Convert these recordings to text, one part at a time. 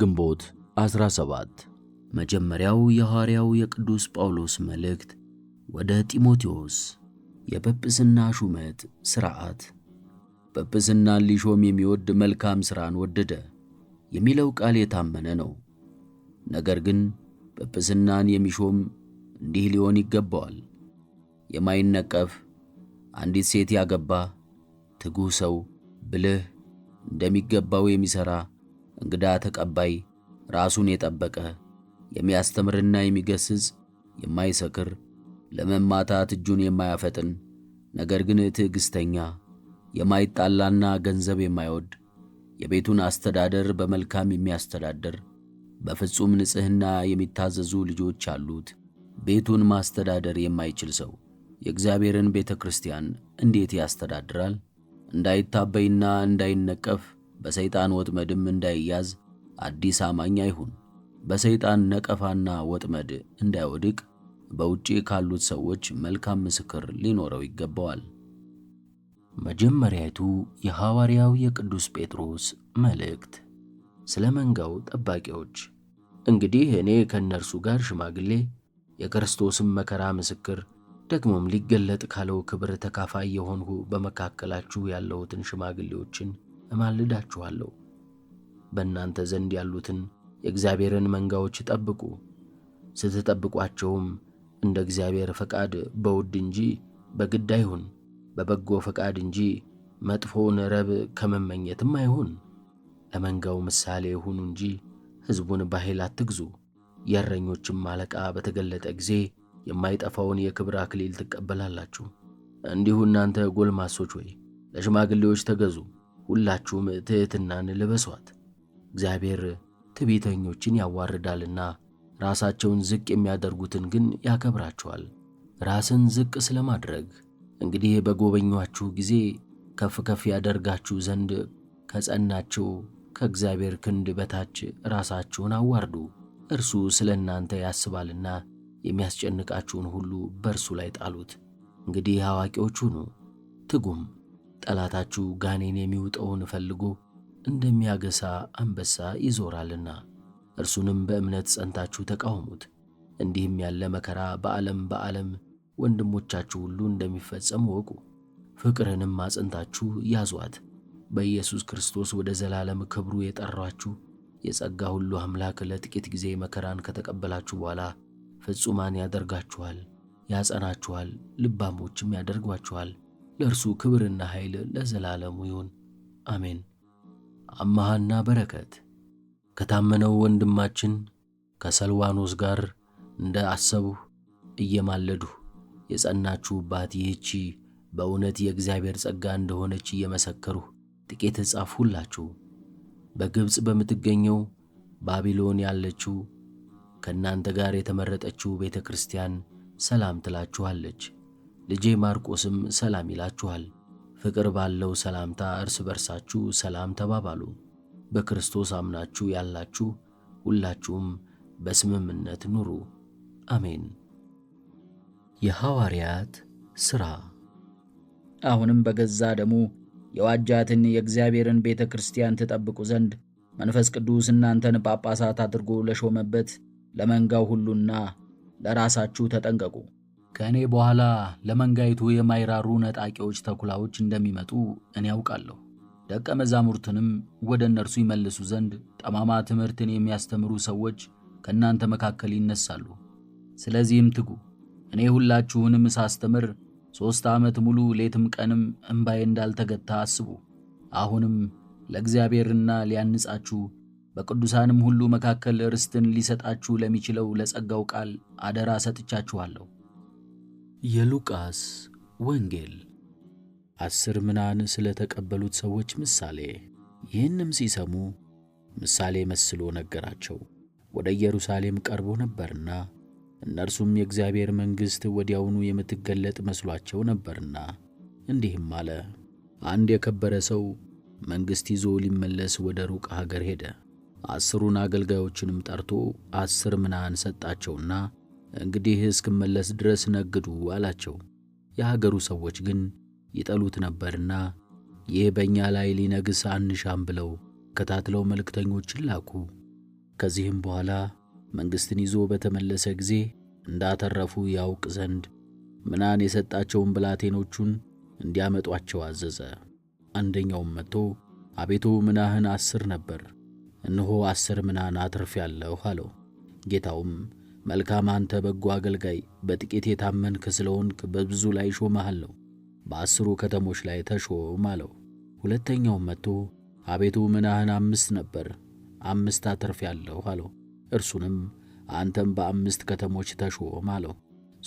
ግንቦት 17 መጀመሪያው የሐዋርያው የቅዱስ ጳውሎስ መልእክት ወደ ጢሞቴዎስ የጵጵስና ሹመት ሥርዓት። ጵጵስናን ሊሾም የሚወድ መልካም ሥራን ወደደ የሚለው ቃል የታመነ ነው። ነገር ግን ጵጵስናን የሚሾም እንዲህ ሊሆን ይገባዋል። የማይነቀፍ አንዲት ሴት ያገባ፣ ትጉህ ሰው፣ ብልህ፣ እንደሚገባው የሚሠራ እንግዳ ተቀባይ፣ ራሱን የጠበቀ የሚያስተምርና የሚገስጽ የማይሰክር ለመማታት እጁን የማያፈጥን ነገር ግን ትዕግሥተኛ የማይጣላና ገንዘብ የማይወድ የቤቱን አስተዳደር በመልካም የሚያስተዳድር በፍጹም ንጽሕና የሚታዘዙ ልጆች አሉት። ቤቱን ማስተዳደር የማይችል ሰው የእግዚአብሔርን ቤተ ክርስቲያን እንዴት ያስተዳድራል? እንዳይታበይና እንዳይነቀፍ በሰይጣን ወጥመድም እንዳይያዝ አዲስ አማኝ አይሁን። በሰይጣን ነቀፋና ወጥመድ እንዳይወድቅ በውጪ ካሉት ሰዎች መልካም ምስክር ሊኖረው ይገባዋል። መጀመሪያቱ የሐዋርያው የቅዱስ ጴጥሮስ መልእክት ስለ መንጋው ጠባቂዎች። እንግዲህ እኔ ከእነርሱ ጋር ሽማግሌ፣ የክርስቶስም መከራ ምስክር፣ ደግሞም ሊገለጥ ካለው ክብር ተካፋይ የሆንሁ በመካከላችሁ ያለሁትን ሽማግሌዎችን እማልዳችኋለሁ። በእናንተ ዘንድ ያሉትን የእግዚአብሔርን መንጋዎች ጠብቁ። ስትጠብቋቸውም እንደ እግዚአብሔር ፈቃድ በውድ እንጂ በግድ አይሁን፣ በበጎ ፈቃድ እንጂ መጥፎውን ረብ ከመመኘትም አይሁን። ለመንጋው ምሳሌ ሁኑ እንጂ ሕዝቡን በኃይል አትግዙ። የእረኞችም አለቃ በተገለጠ ጊዜ የማይጠፋውን የክብር አክሊል ትቀበላላችሁ። እንዲሁ እናንተ ጎልማሶች ሆይ ለሽማግሌዎች ተገዙ። ሁላችሁም ትሕትናን ልበሷት። እግዚአብሔር ትቢተኞችን ያዋርዳልና ራሳቸውን ዝቅ የሚያደርጉትን ግን ያከብራቸዋል። ራስን ዝቅ ስለማድረግ እንግዲህ በጎበኟችሁ ጊዜ ከፍ ከፍ ያደርጋችሁ ዘንድ ከጸናችው ከእግዚአብሔር ክንድ በታች ራሳችሁን አዋርዱ። እርሱ ስለ እናንተ ያስባልና የሚያስጨንቃችሁን ሁሉ በእርሱ ላይ ጣሉት። እንግዲህ አዋቂዎች ሁኑ፣ ትጉም። ጠላታችሁ ጋኔን የሚውጠውን ፈልጎ እንደሚያገሳ አንበሳ ይዞራልና እርሱንም በእምነት ጸንታችሁ ተቃውሙት። እንዲህም ያለ መከራ በዓለም በዓለም ወንድሞቻችሁ ሁሉ እንደሚፈጸም ወቁ። ፍቅርንም አጽንታችሁ ያዟት። በኢየሱስ ክርስቶስ ወደ ዘላለም ክብሩ የጠራችሁ የጸጋ ሁሉ አምላክ ለጥቂት ጊዜ መከራን ከተቀበላችሁ በኋላ ፍጹማን ያደርጋችኋል፣ ያጸናችኋል፣ ልባሞችም ያደርጓችኋል ለእርሱ ክብርና ኃይል ለዘላለሙ ይሁን አሜን። አማሃና በረከት ከታመነው ወንድማችን ከሰልዋኖስ ጋር እንደ አሰብሁ እየማለድሁ የጸናችሁባት ይህቺ በእውነት የእግዚአብሔር ጸጋ እንደሆነች እየመሰከሩ ጥቂት እጻፍሁላችሁ። በግብፅ በምትገኘው ባቢሎን ያለችው ከእናንተ ጋር የተመረጠችው ቤተ ክርስቲያን ሰላም ትላችኋለች። ልጄ ማርቆስም ሰላም ይላችኋል። ፍቅር ባለው ሰላምታ እርስ በርሳችሁ ሰላም ተባባሉ። በክርስቶስ አምናችሁ ያላችሁ ሁላችሁም በስምምነት ኑሩ። አሜን። የሐዋርያት ሥራ አሁንም በገዛ ደሙ የዋጃትን የእግዚአብሔርን ቤተ ክርስቲያን ትጠብቁ ዘንድ መንፈስ ቅዱስ እናንተን ጳጳሳት አድርጎ ለሾመበት ለመንጋው ሁሉና ለራሳችሁ ተጠንቀቁ። ከእኔ በኋላ ለመንጋይቱ የማይራሩ ነጣቂዎች ተኩላዎች እንደሚመጡ እኔ ያውቃለሁ። ደቀ መዛሙርትንም ወደ እነርሱ ይመልሱ ዘንድ ጠማማ ትምህርትን የሚያስተምሩ ሰዎች ከእናንተ መካከል ይነሳሉ። ስለዚህም ትጉ። እኔ ሁላችሁንም ሳስተምር ሦስት ዓመት ሙሉ ሌትም ቀንም እምባዬ እንዳልተገታ አስቡ። አሁንም ለእግዚአብሔርና ሊያንጻችሁ በቅዱሳንም ሁሉ መካከል ርስትን ሊሰጣችሁ ለሚችለው ለጸጋው ቃል አደራ ሰጥቻችኋለሁ። የሉቃስ ወንጌል አስር ምናን ስለ ተቀበሉት ሰዎች ምሳሌ። ይህንም ሲሰሙ ምሳሌ መስሎ ነገራቸው። ወደ ኢየሩሳሌም ቀርቦ ነበርና እነርሱም የእግዚአብሔር መንግሥት ወዲያውኑ የምትገለጥ መስሏቸው ነበርና እንዲህም አለ። አንድ የከበረ ሰው መንግሥት ይዞ ሊመለስ ወደ ሩቅ ሀገር ሄደ። አስሩን አገልጋዮችንም ጠርቶ አስር ምናን ሰጣቸውና እንግዲህ እስክመለስ ድረስ ነግዱ አላቸው። የሀገሩ ሰዎች ግን ይጠሉት ነበርና ይህ በእኛ ላይ ሊነግስ አንሻም ብለው ከታትለው መልእክተኞችን ላኩ። ከዚህም በኋላ መንግሥትን ይዞ በተመለሰ ጊዜ እንዳተረፉ ያውቅ ዘንድ ምናን የሰጣቸውን ብላቴኖቹን እንዲያመጧቸው አዘዘ። አንደኛውም መጥቶ አቤቱ ምናህን አስር ነበር፣ እነሆ አስር ምናን አትርፌአለሁ አለው። ጌታውም መልካም አንተ በጎ አገልጋይ፣ በጥቂት የታመንክ ስለሆንክ በብዙ ላይ ሾመሃለሁ፣ በአስሩ ከተሞች ላይ ተሾም አለው። ሁለተኛውም መጥቶ አቤቱ ምናህን አምስት ነበር፣ አምስት አትርፌአለሁ አለው። እርሱንም አንተም በአምስት ከተሞች ተሾም አለው።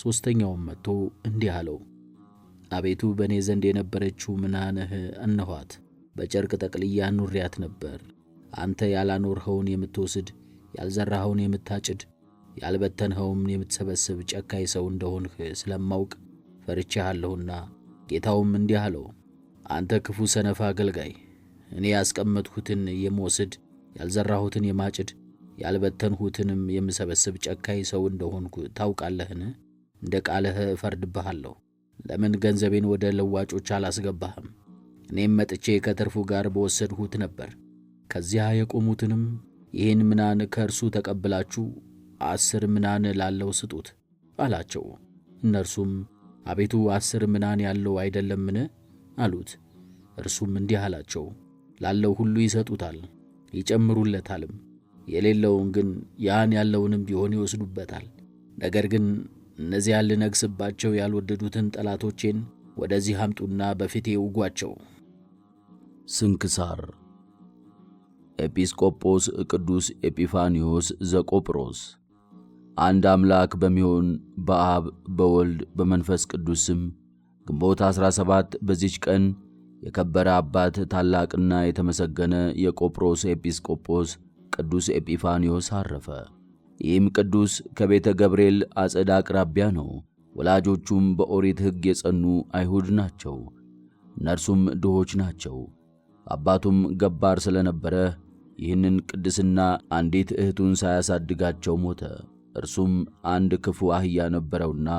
ሦስተኛውም መጥቶ እንዲህ አለው፣ አቤቱ በእኔ ዘንድ የነበረችው ምናንህ እነኋት፣ በጨርቅ ጠቅልያ ኑሪያት ነበር። አንተ ያላኖርኸውን የምትወስድ ያልዘራኸውን የምታጭድ ያልበተንኸውም የምትሰበስብ ጨካኝ ሰው እንደሆንህ ስለማውቅ ፈርቼሃለሁና። ጌታውም እንዲህ አለው፣ አንተ ክፉ ሰነፍ አገልጋይ፣ እኔ ያስቀመጥሁትን የምወስድ ያልዘራሁትን የማጭድ ያልበተንሁትንም የምሰበስብ ጨካኝ ሰው እንደሆንኩ ታውቃለህን? እንደ ቃልህ እፈርድብሃለሁ። ለምን ገንዘቤን ወደ ለዋጮች አላስገባህም? እኔም መጥቼ ከትርፉ ጋር በወሰድሁት ነበር። ከዚያ የቆሙትንም ይህን ምናን ከእርሱ ተቀብላችሁ አስር ምናን ላለው ስጡት አላቸው። እነርሱም አቤቱ አስር ምናን ያለው አይደለምን አሉት። እርሱም እንዲህ አላቸው፣ ላለው ሁሉ ይሰጡታል ይጨምሩለታልም፣ የሌለውን ግን ያን ያለውንም ቢሆን ይወስዱበታል። ነገር ግን እነዚያን ልነግሥባቸው ያልወደዱትን ጠላቶቼን ወደዚህ አምጡና በፊቴ ውጓቸው። ስንክሳር ኤጲስቆጶስ ቅዱስ ኤጲፋንዮስ ዘቆጵሮስ አንድ አምላክ በሚሆን በአብ በወልድ በመንፈስ ቅዱስ ስም ግንቦት 17 በዚች ቀን የከበረ አባት ታላቅና የተመሰገነ የቆጵሮስ ኤጲስቆጶስ ቅዱስ ኤጲፋኒዮስ አረፈ። ይህም ቅዱስ ከቤተ ገብርኤል አጸዳ አቅራቢያ ነው። ወላጆቹም በኦሪት ሕግ የጸኑ አይሁድ ናቸው። እነርሱም ድሆች ናቸው። አባቱም ገባር ስለነበረ ይህንን ቅድስና አንዲት እህቱን ሳያሳድጋቸው ሞተ። እርሱም አንድ ክፉ አህያ ነበረውና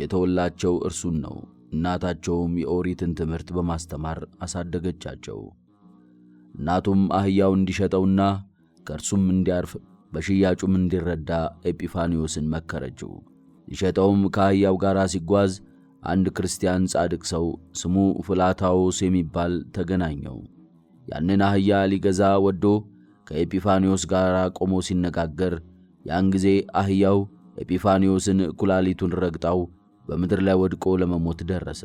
የተወላቸው እርሱን ነው። እናታቸውም የኦሪትን ትምህርት በማስተማር አሳደገቻቸው። እናቱም አህያው እንዲሸጠውና ከእርሱም እንዲያርፍ በሽያጩም እንዲረዳ ኤጲፋኒዮስን መከረችው። ሊሸጠውም ከአህያው ጋር ሲጓዝ አንድ ክርስቲያን ጻድቅ ሰው ስሙ ፍላታዎስ የሚባል ተገናኘው። ያንን አህያ ሊገዛ ወዶ ከኤጲፋኒዮስ ጋር ቆሞ ሲነጋገር ያን ጊዜ አህያው ኤጲፋኒዮስን ኩላሊቱን ረግጣው በምድር ላይ ወድቆ ለመሞት ደረሰ።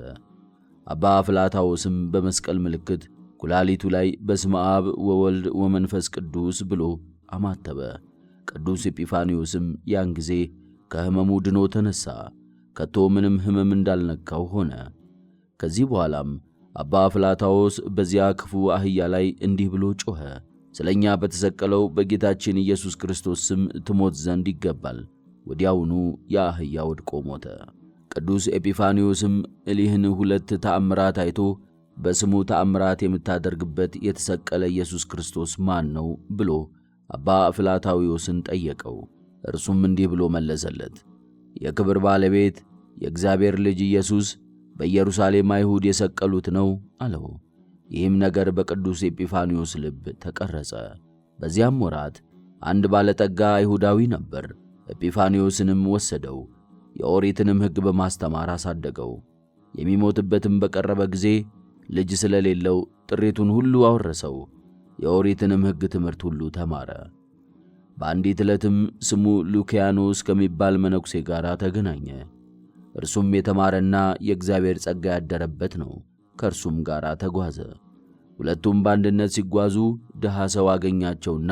አባ ፍላታዎስም በመስቀል ምልክት ኩላሊቱ ላይ በስመ አብ ወወልድ ወመንፈስ ቅዱስ ብሎ አማተበ። ቅዱስ ኤጲፋንዮስም ያን ጊዜ ከሕመሙ ድኖ ተነሣ፣ ከቶ ምንም ሕመም እንዳልነካው ሆነ። ከዚህ በኋላም አባ ፍላታዎስ በዚያ ክፉ አህያ ላይ እንዲህ ብሎ ጮኸ ስለ እኛ በተሰቀለው በጌታችን ኢየሱስ ክርስቶስ ስም ትሞት ዘንድ ይገባል። ወዲያውኑ የአህያ ወድቆ ሞተ። ቅዱስ ኤጲፋኒዮስም እሊህን ሁለት ተአምራት አይቶ በስሙ ተአምራት የምታደርግበት የተሰቀለ ኢየሱስ ክርስቶስ ማን ነው ብሎ አባ ፍላታዊዮስን ጠየቀው። እርሱም እንዲህ ብሎ መለሰለት። የክብር ባለቤት የእግዚአብሔር ልጅ ኢየሱስ በኢየሩሳሌም አይሁድ የሰቀሉት ነው አለው። ይህም ነገር በቅዱስ ኤጲፋኒዮስ ልብ ተቀረጸ። በዚያም ወራት አንድ ባለጠጋ አይሁዳዊ ነበር። ኤጲፋኒዮስንም ወሰደው፣ የኦሪትንም ሕግ በማስተማር አሳደገው። የሚሞትበትም በቀረበ ጊዜ ልጅ ስለሌለው ጥሪቱን ሁሉ አወረሰው። የኦሪትንም ሕግ ትምህርት ሁሉ ተማረ። በአንዲት ዕለትም ስሙ ሉኪያኖስ ከሚባል መነኩሴ ጋር ተገናኘ። እርሱም የተማረና የእግዚአብሔር ጸጋ ያደረበት ነው። ከእርሱም ጋር ተጓዘ። ሁለቱም በአንድነት ሲጓዙ ድሃ ሰው አገኛቸውና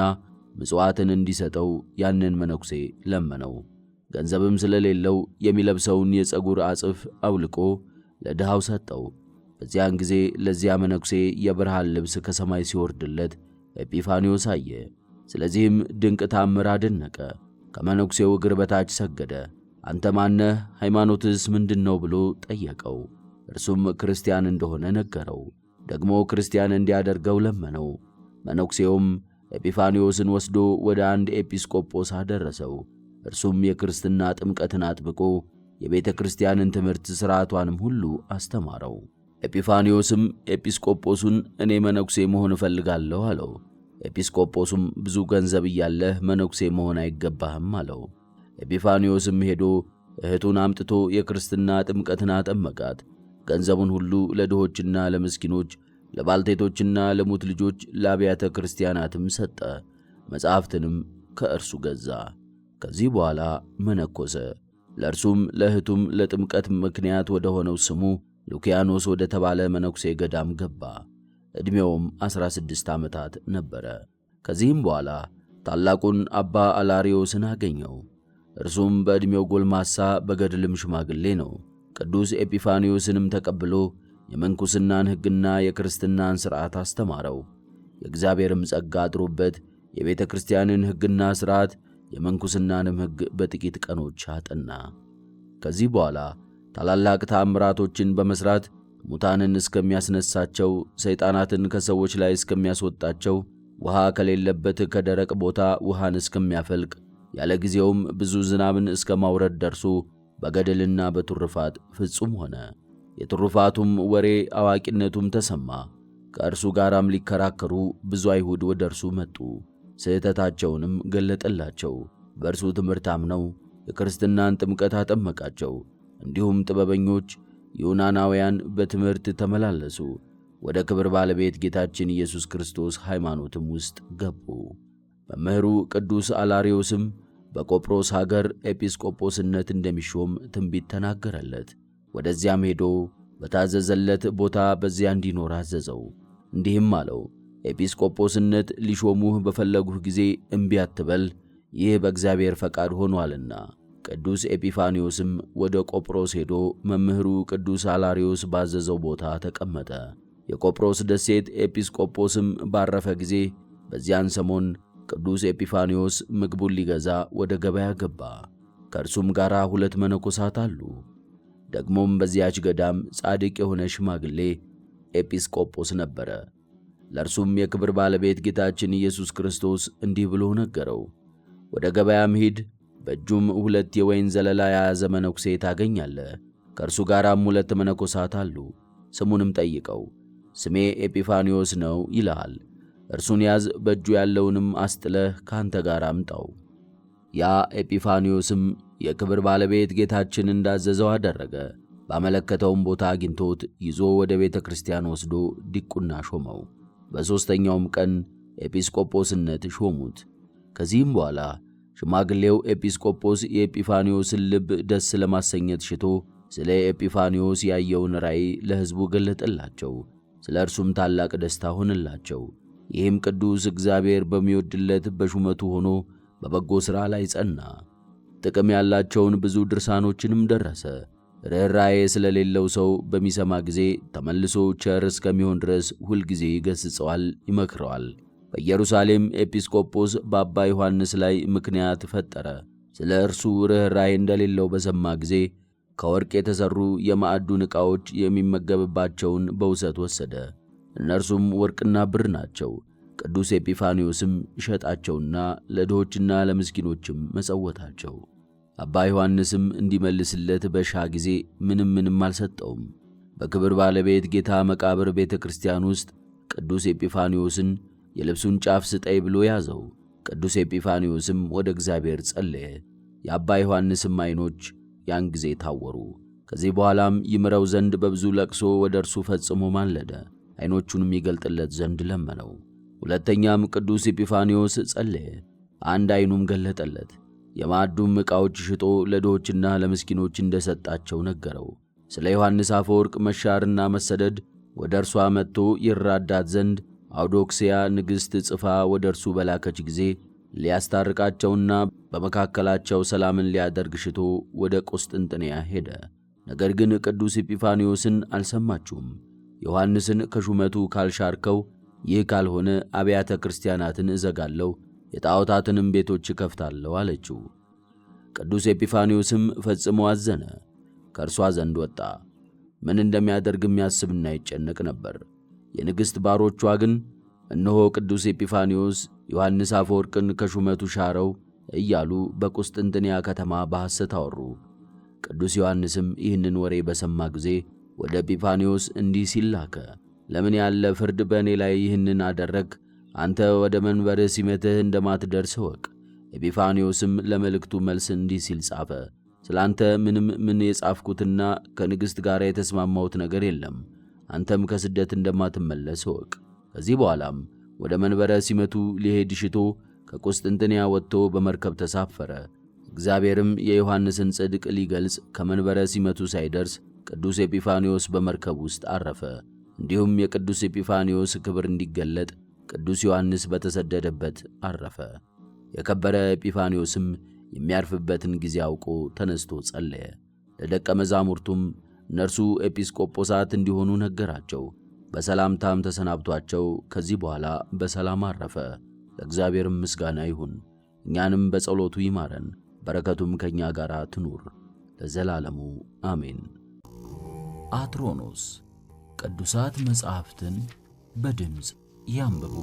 ምጽዋትን እንዲሰጠው ያንን መነኩሴ ለመነው። ገንዘብም ስለሌለው የሚለብሰውን የፀጉር አጽፍ አውልቆ ለድሃው ሰጠው። በዚያን ጊዜ ለዚያ መነኩሴ የብርሃን ልብስ ከሰማይ ሲወርድለት ኤጲፋኒዎስ አየ። ስለዚህም ድንቅ ታምር አደነቀ። ከመነኩሴው እግር በታች ሰገደ። አንተ ማነህ? ሃይማኖትስ ምንድን ነው? ብሎ ጠየቀው። እርሱም ክርስቲያን እንደሆነ ነገረው። ደግሞ ክርስቲያን እንዲያደርገው ለመነው። መነኩሴውም ኤጲፋኒዮስን ወስዶ ወደ አንድ ኤጲስቆጶስ አደረሰው። እርሱም የክርስትና ጥምቀትን አጥብቆ የቤተ ክርስቲያንን ትምህርት ሥርዓቷንም ሁሉ አስተማረው። ኤጲፋኒዮስም ኤጲስቆጶሱን እኔ መነኩሴ መሆን እፈልጋለሁ አለው። ኤጲስቆጶሱም ብዙ ገንዘብ እያለህ መነኩሴ መሆን አይገባህም አለው። ኤጲፋኒዮስም ሄዶ እህቱን አምጥቶ የክርስትና ጥምቀትን አጠመቃት። ገንዘቡን ሁሉ ለድሆችና ለምስኪኖች፣ ለባልቴቶችና ለሙት ልጆች፣ ለአብያተ ክርስቲያናትም ሰጠ። መጻሕፍትንም ከእርሱ ገዛ። ከዚህ በኋላ መነኮሰ። ለእርሱም ለእህቱም ለጥምቀት ምክንያት ወደ ሆነው ስሙ ሉኪያኖስ ወደ ተባለ መነኩሴ ገዳም ገባ። ዕድሜውም ዐሥራ ስድስት ዓመታት ነበረ። ከዚህም በኋላ ታላቁን አባ አላሪዮስን አገኘው። እርሱም በዕድሜው ጎልማሳ በገድልም ሽማግሌ ነው። ቅዱስ ኤጲፋኒዮስንም ተቀብሎ የመንኩስናን ሕግና የክርስትናን ሥርዓት አስተማረው። የእግዚአብሔርም ጸጋ አድሮበት የቤተ ክርስቲያንን ሕግና ሥርዓት የመንኩስናንም ሕግ በጥቂት ቀኖች አጠና። ከዚህ በኋላ ታላላቅ ተአምራቶችን በመሥራት ሙታንን እስከሚያስነሳቸው፣ ሰይጣናትን ከሰዎች ላይ እስከሚያስወጣቸው፣ ውሃ ከሌለበት ከደረቅ ቦታ ውሃን እስከሚያፈልቅ፣ ያለ ጊዜውም ብዙ ዝናብን እስከ ማውረድ ደርሶ በገድልና በትሩፋት ፍጹም ሆነ። የትሩፋቱም ወሬ አዋቂነቱም ተሰማ። ከእርሱ ጋራም ሊከራከሩ ብዙ አይሁድ ወደ እርሱ መጡ። ስህተታቸውንም ገለጠላቸው። በእርሱ ትምህርት አምነው የክርስትናን ጥምቀት አጠመቃቸው። እንዲሁም ጥበበኞች ዮናናውያን በትምህርት ተመላለሱ። ወደ ክብር ባለቤት ጌታችን ኢየሱስ ክርስቶስ ሃይማኖትም ውስጥ ገቡ። መምህሩ ቅዱስ አላሪዮስም በቆጵሮስ ሀገር ኤጲስቆጶስነት እንደሚሾም ትንቢት ተናገረለት። ወደዚያም ሄዶ በታዘዘለት ቦታ በዚያ እንዲኖር አዘዘው። እንዲህም አለው፣ ኤጲስቆጶስነት ሊሾሙህ በፈለጉህ ጊዜ እምቢ አትበል፣ ይህ በእግዚአብሔር ፈቃድ ሆኗልና። ቅዱስ ኤጲፋኒዮስም ወደ ቆጵሮስ ሄዶ መምህሩ ቅዱስ አላሪዮስ ባዘዘው ቦታ ተቀመጠ። የቆጵሮስ ደሴት ኤጲስቆጶስም ባረፈ ጊዜ በዚያን ሰሞን ቅዱስ ኤጲፋኒዮስ ምግቡን ሊገዛ ወደ ገበያ ገባ። ከእርሱም ጋር ሁለት መነኮሳት አሉ። ደግሞም በዚያች ገዳም ጻድቅ የሆነ ሽማግሌ ኤጲስቆጶስ ነበረ። ለእርሱም የክብር ባለቤት ጌታችን ኢየሱስ ክርስቶስ እንዲህ ብሎ ነገረው፣ ወደ ገበያም ሂድ፣ በእጁም ሁለት የወይን ዘለላ የያዘ መነኩሴ ታገኛለ። ከእርሱ ጋራም ሁለት መነኮሳት አሉ። ስሙንም ጠይቀው፣ ስሜ ኤጲፋኒዮስ ነው ይልሃል። እርሱን ያዝ፣ በእጁ ያለውንም አስጥለህ ካንተ ጋር አምጣው። ያ ኤፒፋኒዮስም የክብር ባለቤት ጌታችን እንዳዘዘው አደረገ። ባመለከተውም ቦታ አግኝቶት ይዞ ወደ ቤተ ክርስቲያን ወስዶ ዲቁና ሾመው። በሦስተኛውም ቀን ኤጲስቆጶስነት ሾሙት። ከዚህም በኋላ ሽማግሌው ኤጲስቆጶስ የኤጲፋንዮስን ልብ ደስ ለማሰኘት ሽቶ ስለ ኤጲፋንዮስ ያየውን ራእይ ለሕዝቡ ገለጠላቸው። ስለ እርሱም ታላቅ ደስታ ሆነላቸው። ይህም ቅዱስ እግዚአብሔር በሚወድለት በሹመቱ ሆኖ በበጎ ሥራ ላይ ጸና። ጥቅም ያላቸውን ብዙ ድርሳኖችንም ደረሰ። ርኅራዬ ስለሌለው ሰው በሚሰማ ጊዜ ተመልሶ ቸር እስከሚሆን ድረስ ሁልጊዜ ይገሥጸዋል፣ ይመክረዋል። በኢየሩሳሌም ኤጲስቆጶስ በአባ ዮሐንስ ላይ ምክንያት ፈጠረ። ስለ እርሱ ርኅራዬ እንደሌለው በሰማ ጊዜ ከወርቅ የተሠሩ የማዕዱን ዕቃዎች የሚመገብባቸውን በውሰት ወሰደ። እነርሱም ወርቅና ብር ናቸው። ቅዱስ ኤጲፋኒዮስም ሸጣቸውና ለድሆችና ለምስኪኖችም መጸወታቸው። አባ ዮሐንስም እንዲመልስለት በሻ ጊዜ ምንም ምንም አልሰጠውም። በክብር ባለቤት ጌታ መቃብር ቤተ ክርስቲያን ውስጥ ቅዱስ ኤጲፋኒዮስን የልብሱን ጫፍ ስጠይ ብሎ ያዘው። ቅዱስ ኤጲፋኒዮስም ወደ እግዚአብሔር ጸለየ። የአባ ዮሐንስም ዐይኖች ያን ጊዜ ታወሩ። ከዚህ በኋላም ይምረው ዘንድ በብዙ ለቅሶ ወደ እርሱ ፈጽሞ ማለደ። ዐይኖቹንም ይገልጥለት ዘንድ ለመነው። ሁለተኛም ቅዱስ ኢጲፋንዮስ ጸለየ፣ አንድ ዐይኑም ገለጠለት። የማዕዱም ዕቃዎች ሽጦ ለድሆችና ለምስኪኖች እንደ ሰጣቸው ነገረው። ስለ ዮሐንስ አፈወርቅ መሻርና መሰደድ ወደ እርሷ መጥቶ ይራዳት ዘንድ አውዶክስያ ንግሥት ጽፋ ወደ እርሱ በላከች ጊዜ ሊያስታርቃቸውና በመካከላቸው ሰላምን ሊያደርግ ሽቶ ወደ ቁስጥንጥንያ ሄደ። ነገር ግን ቅዱስ ኢጲፋንዮስን አልሰማችሁም። ዮሐንስን ከሹመቱ ካልሻርከው፣ ይህ ካልሆነ አብያተ ክርስቲያናትን እዘጋለሁ፣ የጣዖታትንም ቤቶች እከፍታለሁ አለችው። ቅዱስ ኤጲፋኒዮስም ፈጽሞ አዘነ። ከእርሷ ዘንድ ወጣ። ምን እንደሚያደርግ የሚያስብና ይጨነቅ ነበር። የንግሥት ባሮቿ ግን እነሆ ቅዱስ ኤጲፋኒዮስ ዮሐንስ አፈወርቅን ከሹመቱ ሻረው እያሉ በቁስጥንጥንያ ከተማ በሐሰት አወሩ። ቅዱስ ዮሐንስም ይህንን ወሬ በሰማ ጊዜ ወደ ጲፋንዮስ እንዲህ ሲል ላከ። ለምን ያለ ፍርድ በእኔ ላይ ይህንን አደረግ? አንተ ወደ መንበርህ ሲመትህ እንደማትደርስ እወቅ። ኤጲፋንዮስም ለመልእክቱ መልስ እንዲህ ሲል ጻፈ። ስለ አንተ ምንም ምን የጻፍኩትና ከንግሥት ጋር የተስማማሁት ነገር የለም። አንተም ከስደት እንደማትመለስ እወቅ። ከዚህ በኋላም ወደ መንበረ ሲመቱ ሊሄድ ሽቶ ከቁስጥንጥንያ ወጥቶ በመርከብ ተሳፈረ። እግዚአብሔርም የዮሐንስን ጽድቅ ሊገልጽ ከመንበረ ሲመቱ ሳይደርስ ቅዱስ ኤጲፋንዮስ በመርከብ ውስጥ አረፈ። እንዲሁም የቅዱስ ኤጲፋንዮስ ክብር እንዲገለጥ ቅዱስ ዮሐንስ በተሰደደበት አረፈ። የከበረ ኤጲፋንዮስም የሚያርፍበትን ጊዜ አውቆ ተነስቶ ጸለየ። ለደቀ መዛሙርቱም እነርሱ ኤጲስቆጶሳት እንዲሆኑ ነገራቸው። በሰላምታም ተሰናብቷቸው ከዚህ በኋላ በሰላም አረፈ። ለእግዚአብሔርም ምስጋና ይሁን፣ እኛንም በጸሎቱ ይማረን፣ በረከቱም ከእኛ ጋር ትኑር ለዘላለሙ አሜን። አትሮኖስ ቅዱሳት መጻሕፍትን በድምፅ ያንብቡ።